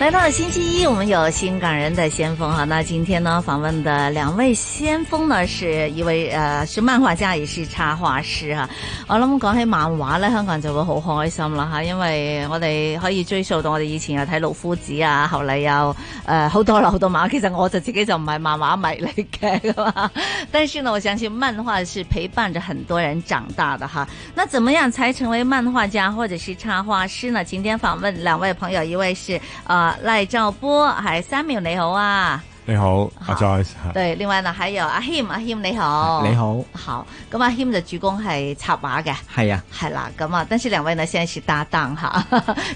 來到了星期一，我們有新港人的先鋒哈，那今天呢，訪問的兩位先鋒呢，是一位，呃，是漫畫家，也是插畫師啊。我諗講起漫畫咧，香港人就會好開心啦嚇，因為我哋可以追溯到我哋以前又睇《老夫子》啊，後嚟又誒好多啦好多漫畫，其實我就自己就唔係漫畫迷嚟嘅，但係呢，我相信漫畫是陪伴着很多人長大的吓。那怎麼樣才成為漫畫家或者是插畫師呢？今天訪問兩位朋友，一位是啊賴兆波，係 Samuel 你好 e 啊。你好，阿 Joyce。對。另外嗱，還有阿謙，阿謙你好。你好。你好，咁、嗯、阿謙就主攻係插畫嘅。係的啊，係啦，咁啊，今次兩位嗱先係搭檔吓，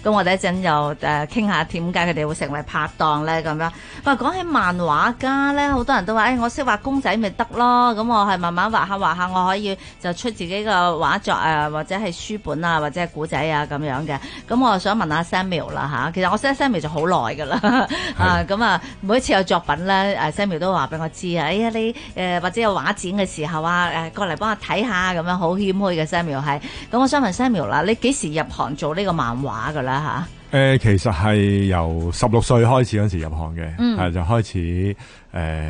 咁我哋一陣又誒傾下點解佢哋會成為拍檔咧咁樣。咁講起漫畫家咧，好多人都話，誒、欸，我識畫公仔咪得咯，咁我係慢慢畫下畫下，我可以就出自己嘅畫作啊，或者係書本啊，或者係古仔啊咁樣嘅。咁我啊想問下 Samuel 啦、啊、吓，其實我識 Samuel 就好耐噶啦，啊，咁啊，每一次有作品。咧，Samuel 都話俾我知啊，哎呀你誒、呃、或者有畫展嘅時候啊，誒、呃、過嚟幫我睇下咁樣，好謙虛嘅 Samuel 係。咁我想問 Samuel 啦，你幾時入行做呢個漫畫噶啦吓？誒、呃，其實係由十六歲開始嗰時入行嘅，係、嗯啊、就開始誒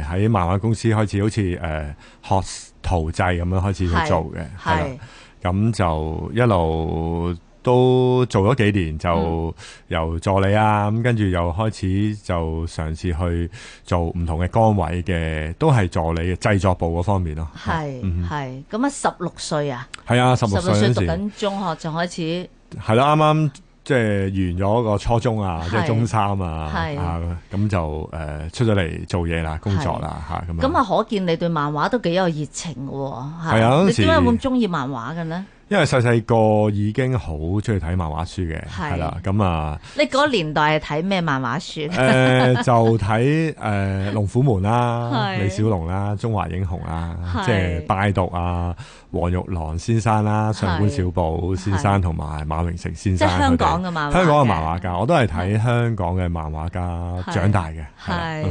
喺、呃、漫畫公司開始，好似誒學圖製咁樣開始去做嘅，係咁就一路都做咗幾年就由助理啊，咁跟住又開始就嘗試去做唔同嘅崗位嘅，都係助理嘅製作部嗰方面咯。係係，咁啊十六歲啊？係啊，十六歲嗰陣時，讀緊中學就開始。係啦，啱啱即係完咗個初中啊，即係中三啊，咁就誒出咗嚟做嘢啦，工作啦吓咁啊。咁啊，可見你對漫畫都幾有熱情嘅喎，係啊？你點解咁中意漫畫嘅咧？因為細細個已經好中意睇漫畫書嘅係啦。咁啊，你嗰個年代係睇咩漫畫書？誒，就睇誒《龍虎門》啦，《李小龍》啦，《中華英雄》啊，即係拜讀啊，《黃玉郎先生》啦，《上官小寶先生》同埋馬榮成先生。即係香港嘅漫畫，香港嘅漫畫家，我都係睇香港嘅漫畫家長大嘅。係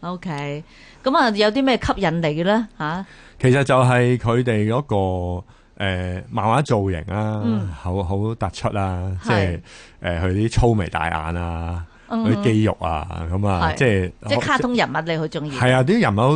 ，OK，咁啊，有啲咩吸引你嘅咧？吓，其實就係佢哋嗰個。誒漫畫造型啊，嗯，好好突出啦，啊，即係誒佢啲粗眉大眼啊。嘅肌肉啊，咁啊，即係即係卡通人物你好中意？係啊，啲人物好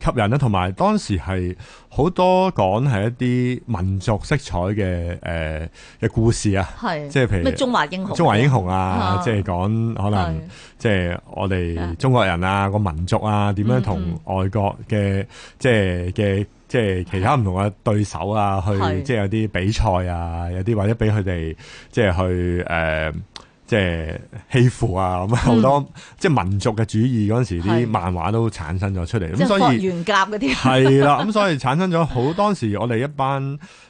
誒吸引啦，同埋當時係好多講係一啲民族色彩嘅誒嘅故事啊，係即係譬如咩中華英雄、中華英雄啊，即係講可能即係我哋中國人啊個民族啊，點樣同外國嘅即係嘅即係其他唔同嘅對手啊，去即係有啲比賽啊，有啲或者俾佢哋即係去誒。即係欺負啊！咁好多、嗯、即係民族嘅主義嗰陣時，啲漫畫都產生咗出嚟。咁、嗯、所以，原甲嗰啲係啦。咁 所以產生咗好當時我，我哋一班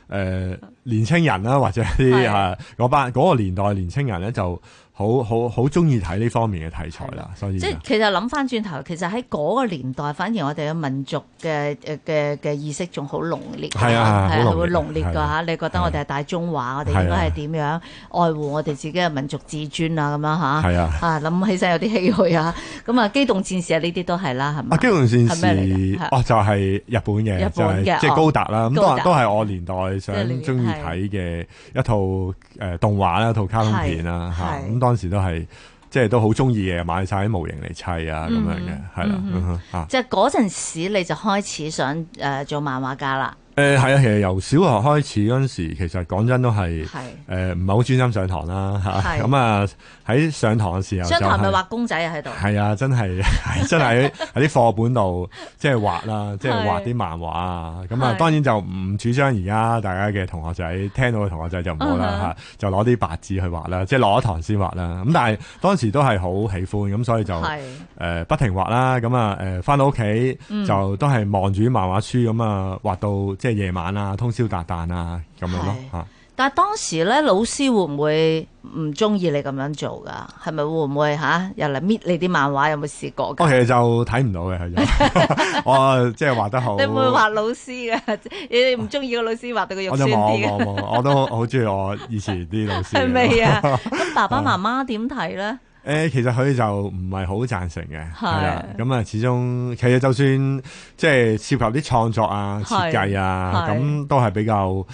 誒年青人啦、啊，或者啲的啊嗰班嗰個年代年青人咧就。好好好中意睇呢方面嘅題材啦，所以即係其實諗翻轉頭，其實喺嗰個年代，反而我哋嘅民族嘅誒嘅嘅意識仲好濃烈，係啊係會濃烈㗎嚇。你覺得我哋係大中華，我哋應該係點樣愛護我哋自己嘅民族自尊啊咁樣嚇？係啊嚇，諗起身有啲唏噓啊。咁啊，機動戰士啊呢啲都係啦，係咪啊？機動戰士係咩嚟㗎？哦，就係日本嘅，日本即係高達啦。高達都係我年代想中意睇嘅一套誒動畫啦，一套卡通片啦嚇。當時都係，即係都好中意嘅，買晒啲模型嚟砌啊咁樣嘅，係啦啊！即係嗰陣時你就開始想誒、呃、做漫畫家啦。誒係啊，其實由小學開始嗰陣時，其實講真都係誒唔係好專心上堂啦吓。咁啊喺上堂嘅時候，上堂咪畫公仔啊喺度。係啊，真係真係喺啲課本度即係畫啦，即係畫啲漫畫啊。咁啊，當然就唔主張而家大家嘅同學仔聽到嘅同學仔就唔好啦吓，就攞啲白紙去畫啦，即係攞咗堂先畫啦。咁但係當時都係好喜歡，咁所以就誒不停畫啦。咁啊誒翻到屋企就都係望住漫畫書咁啊畫到。即係夜晚啊，通宵達旦啊，咁樣咯吓。但係當時咧，老師會唔會唔中意你咁樣做噶？係咪會唔會吓又嚟搣你啲漫畫？有冇試過？我其實就睇唔到嘅， 我即係畫得好。你會唔會畫老師嘅？ 你哋唔中意個老師畫到個肉酸啲嘅？我都好中意我以前啲老師。係咪啊？咁 爸爸媽媽點睇咧？誒，其實佢就唔係好贊成嘅，係啦，咁啊，始終其實就算即係涉及啲創作啊、設計啊，咁係都係比較誒、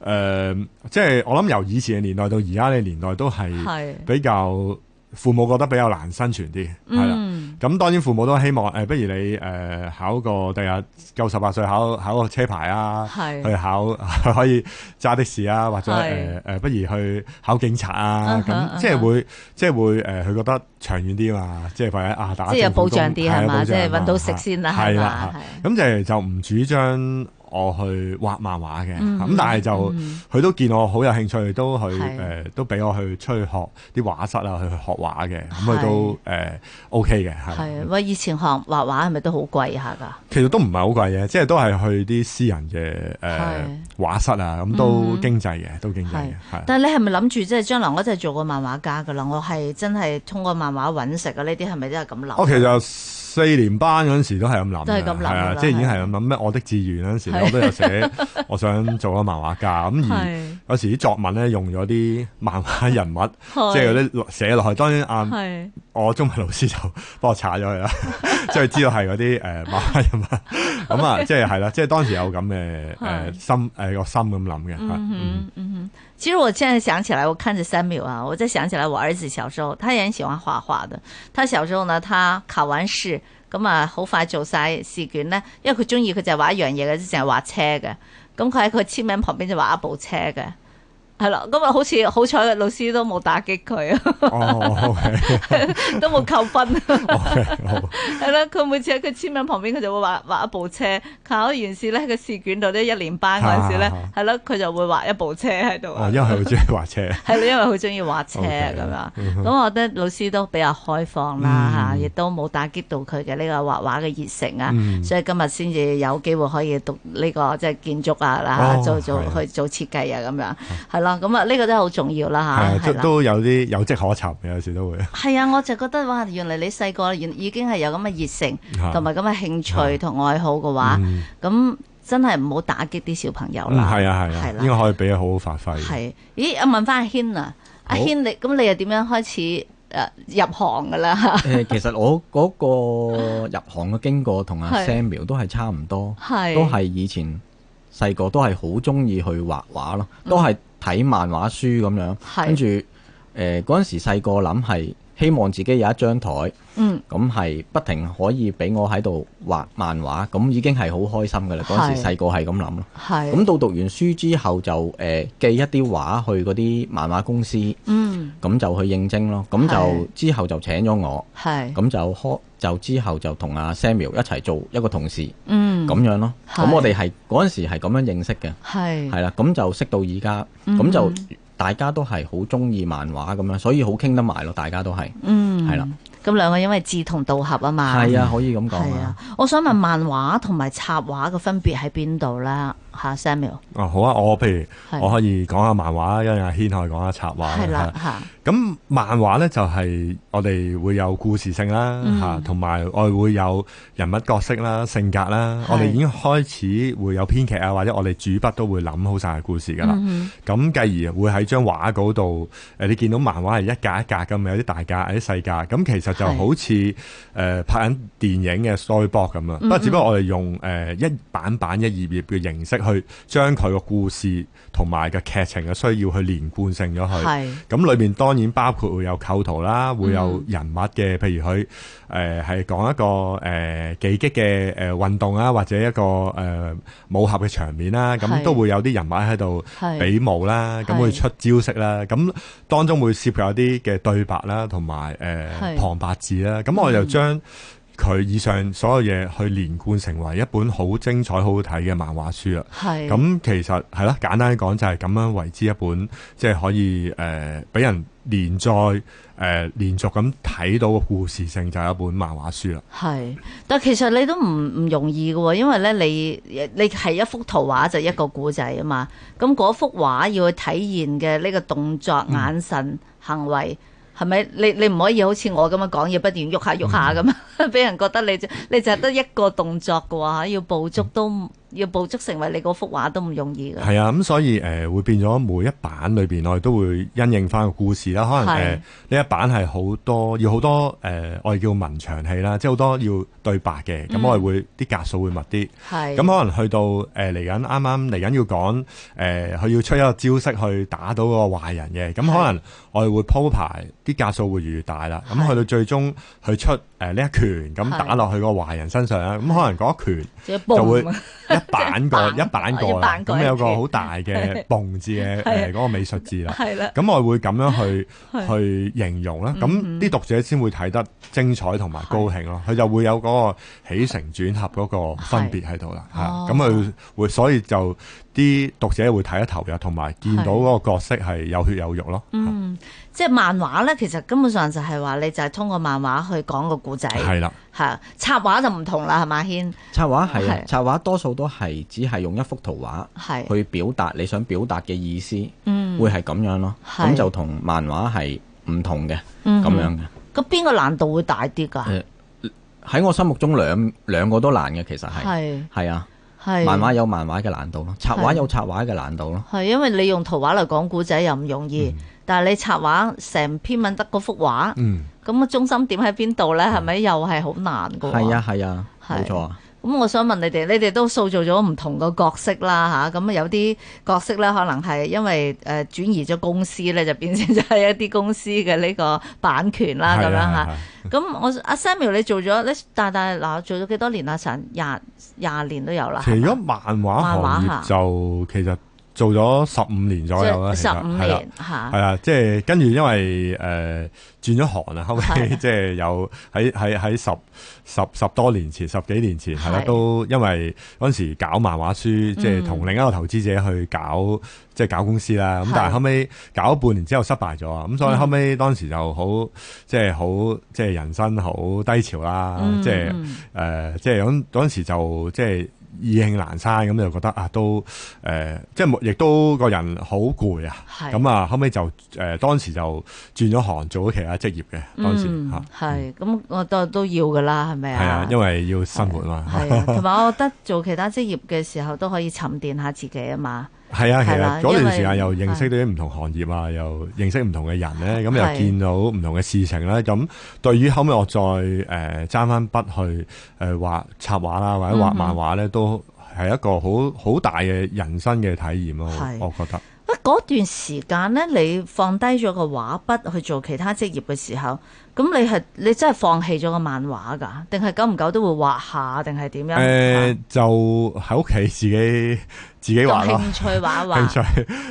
呃，即係我諗由以前嘅年代到而家嘅年代都係比較。父母覺得比較難生存啲，係啦。咁、mm. 當然父母都希望誒，不如你誒考個第日夠十八歲考考個車牌啊，去考可以揸的士啊，或者誒誒、呃，不如去考警察啊。咁即係會即係會誒，佢覺得長遠啲嘛，即係或者啊打政府工。即係有保障啲係嘛？即係揾到食先啦係嘛？咁對吧就就唔主張。我去畫漫畫嘅，咁但係就佢都見我好有興趣，都去誒，都俾我去出去學啲畫室啊，去學畫嘅，咁佢都誒 OK 嘅，係。係，喂，以前學畫畫係咪都好貴下噶其實都唔係好貴嘅，即係都係去啲私人嘅誒畫室啊，咁都經濟嘅，都經濟嘅。但係你係咪諗住即係將來我就做個漫畫家噶啦？我係真係通過漫畫揾食啊？呢啲係咪都係咁諗？我其實。四年班嗰時都係咁諗，係啊，即係已經係咁諗咩？我的志願嗰時我都有寫，我想做個漫畫家。咁而有時啲作文咧，用咗啲漫畫人物，即係嗰啲寫落去。當然啊，我中文老師就幫我查咗佢啦，即係知道係嗰啲誒漫畫人物。咁啊，即係係啦，即係當時有咁嘅誒心誒個心咁諗嘅。其實我現在想起來，我看著三秒啊，我再想起來，我兒子小時候，他也喜歡畫畫的。他小時候呢，他考完試。咁啊，好快做晒試卷咧，因為佢中意佢就係畫一樣嘢嘅，即成日畫車嘅。咁佢喺佢簽名旁邊就畫一部車嘅。係啦，咁啊，好似好彩，老師都冇打擊佢，都冇扣分。係啦，佢每次喺佢簽名旁邊，佢就會畫畫一部車。考完試咧，個試卷度咧，一年班嗰陣時咧，係咯，佢就會畫一部車喺度。因為好中意畫車。係咯，因為好中意畫車咁樣。咁我覺得老師都比較開放啦嚇，亦都冇打擊到佢嘅呢個畫畫嘅熱誠啊，所以今日先至有機會可以讀呢個即係建築啊，做做去做設計啊咁樣。係啦。啊，咁啊，呢個都係好重要啦嚇，都、啊、都有啲有跡可尋，有時都會。係啊，我就覺得哇，原嚟你細個已已經係有咁嘅熱誠，同埋咁嘅興趣同愛好嘅話，咁、啊嗯、真係唔好打擊啲小朋友啦。係、嗯、啊，係啊，啊應該可以俾佢好好發揮。係、啊，咦？我問翻阿軒啊，好阿軒，你咁你又點樣開始誒、啊、入行㗎啦？ 其實我嗰個入行嘅經過同阿 Samuel 都係差唔多，都係以前細個都係好中意去畫畫咯，都係。睇漫畫書咁樣，跟住的。誒，嗰陣時細個諗係希望自己有一張台，咁係不停可以俾我喺度畫漫畫，咁已經係好開心噶啦。嗰陣時細個係咁諗咯。係咁到讀完書之後就誒寄一啲畫去嗰啲漫畫公司，咁就去應徵咯。咁就之後就請咗我，咁就開就之後就同阿 Samuel 一齊做一個同事，咁樣咯。咁我哋係嗰陣時係咁樣認識嘅，係啦，咁就識到而家，咁就。大家都係好中意漫畫咁樣，所以好傾得埋咯。大家都係，係啦、嗯。咁了兩個因為志同道合啊嘛，係啊，可以咁講。係啊，嗯、我想問漫畫同埋插畫嘅分別喺邊度呢？下 s a Samuel 哦、啊、好啊，我譬如是我可以講下漫畫，因為阿軒可以講下插畫。係啦的，吓的。咁漫畫咧就係、是、我哋會有故事性啦，吓、嗯，同埋我哋會有人物角色啦、性格啦。是我哋已經開始會有編劇啊，或者我哋主筆都會諗好晒故事噶啦。咁繼、嗯、哼而會喺張畫嗰度，誒，你見到漫畫係一格一格咁，有啲大格、有啲細格。咁其實就好似誒是、呃、拍緊電影嘅 storyboard 咁啊，不、嗯、哼只不過我哋用誒、呃、一版版一頁頁嘅形式。去將佢個故事同埋個劇情嘅需要去連貫性咗佢，咁裏面當然包括會有構圖啦，會有人物嘅，譬如佢誒係講一個誒技擊嘅誒運動啊，或者一個誒武俠嘅場面啦，咁都會有啲人物喺度比武啦，咁會出招式啦，咁當中會涉及一啲嘅對白啦，同埋誒旁白字啦，咁我就將佢以上所有嘢去連貫成為一本好精彩、好睇嘅漫畫書啦。係。咁其實係啦，簡單啲講就係咁樣為之一本，即係可以誒俾人連載、誒連續咁睇到嘅故事性就係一本漫畫書啦。係。但其實你都唔唔容易嘅喎，因為咧你你係一幅圖畫就一個故仔啊嘛。咁嗰幅畫要去體現嘅呢個動作、嗯、眼神、行為。係咪？你你唔可以好似我咁樣講嘢，不斷喐下喐下咁，俾人覺得你你就係得一個動作嘅話，要捕捉都要捕捉成為你嗰幅畫都唔容易嘅。係啊，咁所以誒會變咗每一版裏邊我哋都會因應翻個故事啦。可能誒呢一版係好多要好多誒我哋叫文場戲啦，即係好多要對白嘅。咁我哋會啲格數會密啲。係。咁可能去到誒嚟緊啱啱嚟緊要講誒佢要出一個招式去打到嗰個壞人嘅，咁可能。我哋會鋪排啲架數會越嚟越大啦，咁去到最終去出誒呢一拳咁打落去個華人身上咧，咁可能嗰一拳就會一板過一板過啦，咁有個好大嘅“蹦”字嘅誒嗰個美術字啦，咁我會咁樣去去形容啦，咁啲讀者先會睇得精彩同埋高興咯，佢就會有嗰個起承轉合嗰個分別喺度啦，嚇咁佢會所以就。啲讀者會睇得投入，同埋見到嗰個角色係有血有肉咯。嗯，即係漫畫呢，其實根本上就係話，你就係通過漫畫去講個故仔。係啦，係插畫就唔同啦，係嘛，軒？插畫係，插畫多數都係只係用一幅圖畫，係去表達你想表達嘅意思。嗯，會係咁樣咯。咁就同漫畫係唔同嘅，咁樣嘅。咁邊個難度會大啲噶？喺我心目中兩兩個都難嘅，其實係係啊。係，漫畫有漫畫嘅難度咯，插畫有插畫嘅難度咯。係因為你用圖畫嚟講古仔又唔容易，嗯、但係你插畫成篇文得嗰幅畫，咁個、嗯、中心點喺邊度咧？係咪又係好難噶？係啊係啊，冇錯啊。咁、嗯、我想問你哋，你哋都塑造咗唔同嘅角色啦吓，咁、啊嗯、有啲角色咧，可能係因為誒、呃、轉移咗公司咧，就變成咗一啲公司嘅呢個版權啦咁 樣吓，咁、啊、 我阿、啊、Samuel 你做咗咧，大大嗱做咗幾多年啊？成廿廿年都有啦。其實漫畫行業漫畫就其實。做咗十五年左右啦，就是呃，十五年嚇，係啊，即係跟住因為誒轉咗行啊，後尾，即係有喺喺喺十十十多年前、十幾年前係啦是，都因為嗰陣時搞漫畫書，即係同另一個投資者去搞即係、即係、搞公司啦。咁、嗯、但係後尾搞咗半年之後失敗咗啊，咁是所以後尾當時就好即係好即係人生好低潮啦，即係誒即係嗰嗰時就即係。即係即係意興闌珊咁，就覺得啊，都誒、呃，即係亦都個人好攰啊。咁啊是，後尾就誒、呃，當時就轉咗行，做咗其他職業嘅當時嚇。係咁、嗯，啊、我都都要㗎啦，係咪啊？係啊，因為要生活嘛。係啊，同埋 啊、我覺得做其他職業嘅時候都可以沉澱下自己啊嘛。係啊，其實嗰段時間又認識到啲唔同行業啊，的又認識唔同嘅人咧，咁的又見到唔同嘅事情啦。咁的對於後尾我再誒爭翻筆去誒畫、呃、插畫啦，或者畫漫畫咧，嗯嗯都係一個好好大嘅人生嘅體驗咯，的我覺得。嗰段時間咧，你放低咗個畫筆去做其他職業嘅時候，咁你係你真係放棄咗個漫畫噶，定係久唔久都會畫下，定係點樣？誒、呃，就喺屋企自己。自己畫咯， 興趣畫畫，興趣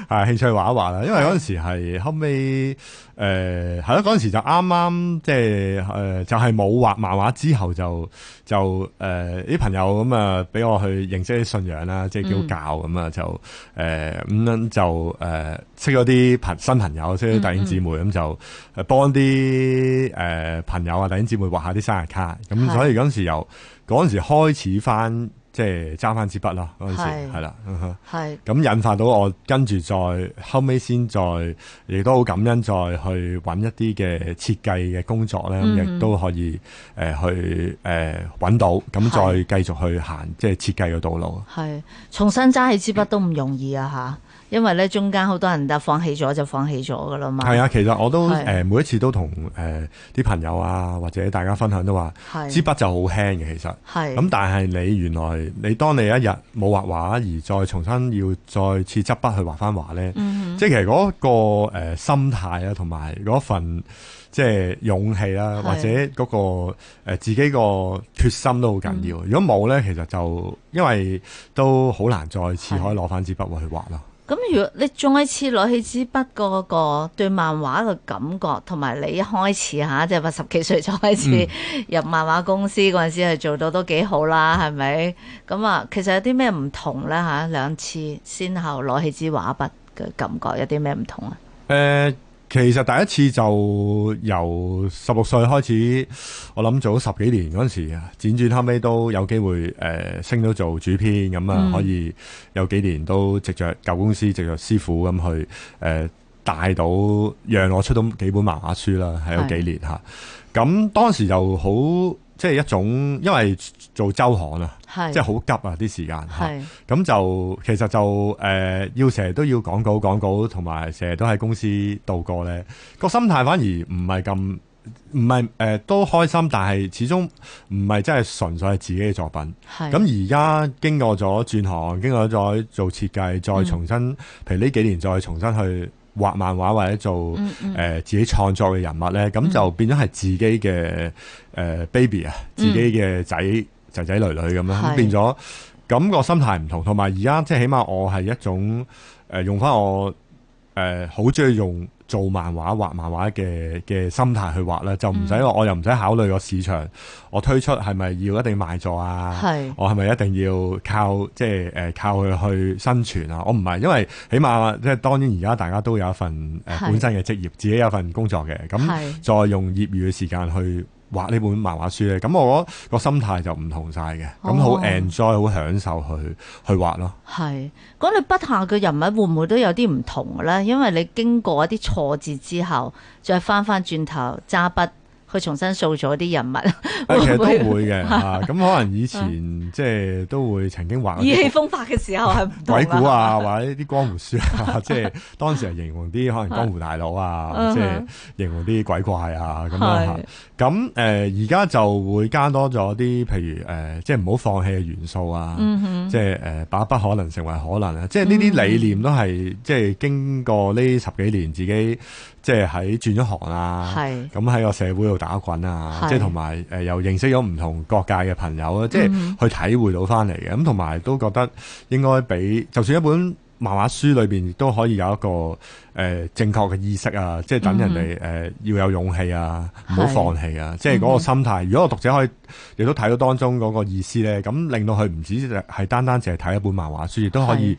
係興趣畫畫啦。因為嗰陣時係後尾，誒、呃，係咯，嗰陣時就啱啱，即係誒，就係冇畫漫畫之後就，就就誒啲朋友咁啊，俾我去認識啲信仰啦，即、就、係、是、叫教咁啊、嗯呃，就誒咁樣就誒識咗啲朋新朋友，識咗啲弟兄姊妹咁、嗯嗯、就誒幫啲誒朋友啊弟兄姊妹畫下啲生日卡，咁、嗯、所以嗰陣時由，嗰陣時開始翻。即係揸翻支筆咯，嗰陣時係啦，咁引發到我跟住再後尾先再，亦都好感恩，再去搵一啲嘅設計嘅工作咧，亦都可以誒去誒搵到，咁再繼續去行即係設計嘅道路。係重新揸起支筆都唔容易啊吓，因為咧中間好多人就放棄咗就放棄咗噶啦嘛。係啊，其實我都誒每一次都同誒啲朋友啊或者大家分享都話，支筆就好輕嘅其實，咁但係你原來。你當你一日冇畫畫，而再重新要再次執筆去畫翻畫咧，嗯、哼即係其實嗰個心態啊，同埋嗰份即係勇氣啦，是或者嗰個自己個決心都好緊要。嗯、如果冇咧，其實就因為都好難再次可以攞翻支筆去畫咯。咁如果你再一次攞起支筆嗰個對漫畫嘅感覺，同埋你一開始吓，即係話十幾歲就開始、嗯、入漫畫公司嗰陣時係做到都幾好啦，係咪？咁、嗯、啊，其實有啲咩唔同咧吓、啊，兩次先後攞起支畫筆嘅感覺有啲咩唔同啊？誒、呃。其實第一次就由十六歲開始，我諗做十幾年嗰陣時啊，輾轉後尾都有機會誒、呃，升到做主編咁啊，可以有幾年都藉着舊公司藉着師傅咁去誒，帶、呃、到讓我出到幾本漫畫書啦，係有幾年吓，咁是當時就好。即係一種，因為做周刊是的 啊，即係好急啊啲時間，咁是的、啊、就其實就誒要成日都要講稿講稿，同埋成日都喺公司度過咧。個心態反而唔係咁，唔係誒都開心，但係始終唔係真係純粹係自己嘅作品。咁而家經過咗轉行，經過咗做設計，再重新、嗯、譬如呢幾年，再重新去。畫漫畫或者做誒、呃、自己創作嘅人物咧，咁、嗯、就變咗係自己嘅誒、呃、baby 啊、嗯，自己嘅仔仔仔女女咁樣，是變咗感覺心態唔同，同埋而家即係起碼我係一種誒、呃、用翻我誒好中意用。做漫畫、畫漫畫嘅嘅心態去畫啦，就唔使、嗯、我又唔使考慮個市場，我推出係咪要一定賣座啊？係我係咪一定要靠即係誒靠佢去生存啊？我唔係，因為起碼即係當然而家大家都有一份本身嘅職業，係自己有一份工作嘅，咁再用業餘嘅時間去。畫呢本漫畫書咧，咁我個心態就唔同晒嘅，咁好 enjoy，好享受，享受去去畫咯。係，咁你筆下嘅人物會唔會都有啲唔同嘅咧？因為你經過一啲挫折之後，再翻翻轉頭揸筆。去重新塑咗啲人物，其實都會嘅，咁可能以前即係都會曾經畫意氣風發嘅時候係鬼故啊，或者啲江湖書啊，即係當時係形容啲可能江湖大佬啊，即係形容啲鬼怪啊咁樣。咁誒，而家就會加多咗啲，譬如誒，即係唔好放棄嘅元素啊，即係誒，把不可能成為可能啊，即係呢啲理念都係即係經過呢十幾年自己。即係喺轉咗行啊，咁喺個社會度打滾啊，是即係同埋誒又認識咗唔同各界嘅朋友啊，是即係去體會到翻嚟嘅，咁同埋都覺得應該畀就算一本漫畫書裏邊亦都可以有一個誒、呃、正確嘅意識啊，即係等人哋誒、嗯呃、要有勇氣啊，唔好放棄啊，是即係嗰個心態。嗯、如果個讀者可以亦都睇到當中嗰個意思咧，咁令到佢唔止係單單淨係睇一本漫畫書，亦都可以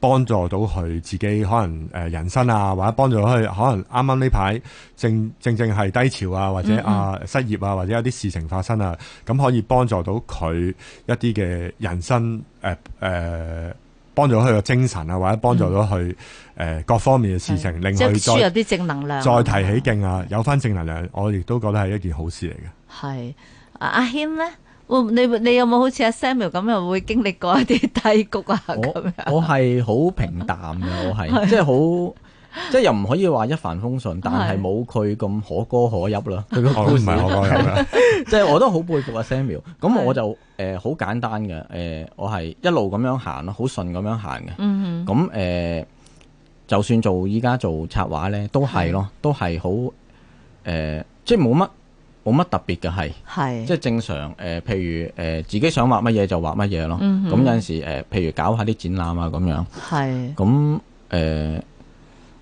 幫助到佢自己可能誒、呃、人生啊，或者幫助到佢可能啱啱呢排正正正係低潮啊，或者啊失業啊，或者有啲事情發生啊，咁可以幫助到佢一啲嘅人生誒誒。呃呃呃幫助佢嘅精神啊，或者幫助咗佢誒各方面嘅事情，嗯、令佢再輸入啲正能量，再提起勁啊，的有翻，正能量，我亦都覺得係一件好事嚟嘅。係阿軒，咧，你你有冇好似阿 Samuel 咁樣會經歷過一啲低谷啊？咁樣我係好平淡嘅，我係即係好。 即係又唔可以話一帆風順，但係冇佢咁可歌可泣啦。佢個故事，即係我都好佩服阿 Samuel。咁我就誒好簡單嘅，誒我係一路咁樣行咯，好順咁樣行嘅。咁誒，就算做依家做策畫咧，都係咯，都係好誒，即係冇乜冇乜特別嘅係，即係正常。誒，譬如，誒自己想畫乜嘢就畫乜嘢咯。咁有陣時誒，譬如搞下啲展覽啊咁樣。係咁誒。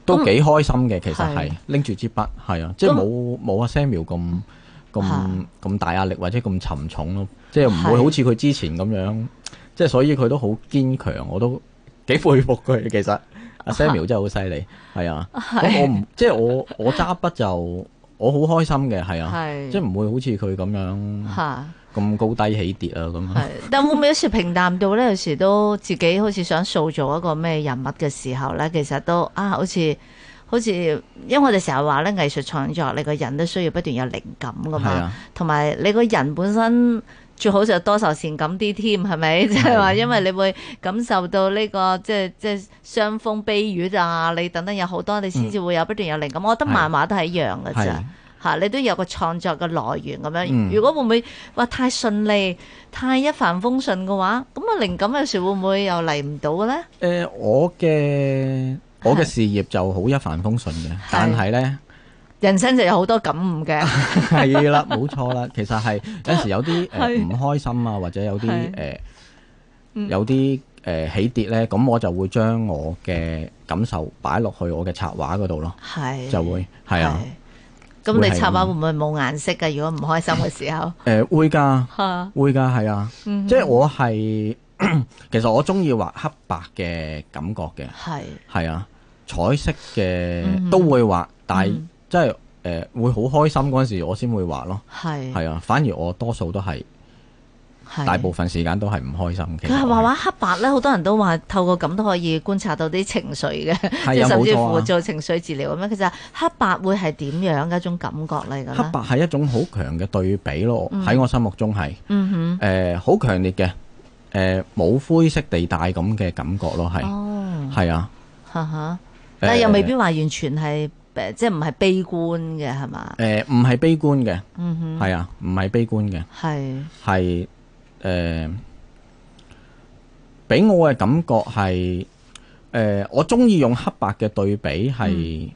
都幾開心嘅，其實係拎住支筆，係啊，即係冇冇阿 Samuel 咁咁咁大壓力或者咁沉重咯，即係唔會好似佢之前咁樣，即係所以佢都好堅強，我都幾佩服佢。其實阿 Samuel 真係好犀利，係啊，我唔即係我我揸筆就。我好開心嘅，係啊，啊即係唔會好似佢咁樣，咁高低起跌啊咁樣。啊 但會唔會有時平淡到呢？有時都自己好似想塑造一個咩人物嘅時候呢，其實都啊，好似好似，因為我哋成日話呢，藝術創作你個人都需要不斷有靈感噶嘛，同埋、啊、你個人本身。最好就多愁善感啲添，係咪？即係話，因為你會感受到呢，這個即係即係傷風悲雨啊，你等等有好多，你先至會有不斷，嗯、有靈感。我覺得漫畫都係一樣嘅啫，吓，你都有個創作嘅來源咁樣。嗯、如果會唔會話太順利，太一帆風順嘅話，咁啊靈感有時會唔會又嚟唔到嘅咧？誒、呃，我嘅我嘅事業就好一帆風順嘅的的，但係咧。人生就有好多感悟嘅， 係啦，冇錯啦。其實係有時有啲誒唔開心啊，或者有啲誒有啲誒起跌咧，咁我就會將我嘅感受擺落去我嘅插畫嗰度咯，係的就會係啊。咁你插畫會唔會冇顏色嘅？如果唔開心嘅時候，誒會噶，會噶係啊。即係我係其實我中意畫黑白嘅感覺嘅，係係啊，彩色嘅都會畫，但係、 嗯。即係誒、呃，會好開心嗰陣時，我先會畫咯。係係啊，反而我多數都係，大部分時間都係唔開心。佢係畫畫黑白咧，好多人都話透過咁都可以觀察到啲情緒嘅，的甚至乎做情緒治療咁樣。其實錯、啊、黑白會係點樣嘅一種感覺嚟嘅咧？黑白係一種好強嘅對比咯，喺我心目中係，誒、嗯，好強、呃、烈嘅，誒、呃，冇灰色地帶咁嘅感覺咯，係，係啊，但又未必話完全係。誒，即係唔係悲觀嘅係嘛？誒，唔係、呃、悲觀嘅，係、嗯、哼啊，唔係悲觀嘅，係係誒，俾、呃、我嘅感覺係誒、呃，我中意用黑白嘅對比係，嗯、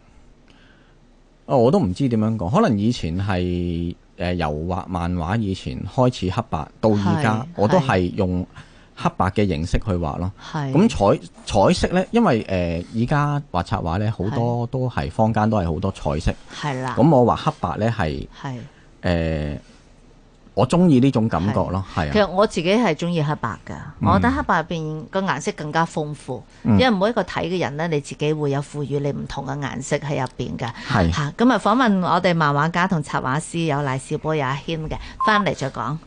哦，我都唔知點樣講，可能以前係誒，由、呃、畫漫畫以前開始黑白，到而家是我都係用。是嗯黑白嘅形式去畫咯，咁彩的彩色呢？因為誒，依家畫插畫咧，好多都係坊間都係好多彩色，咁的我畫黑白呢，係的，誒、呃，我中意呢種感覺咯，係啊的，的其實我自己係中意黑白噶，嗯、我覺得黑白入邊個顏色更加豐富，嗯、因為每一個睇嘅人呢，你自己會有賦予你唔同嘅顏色喺入邊噶，吓的，咁啊的，訪問我哋漫畫家同插畫師有賴兆波軒、有阿謙嘅，翻嚟再講。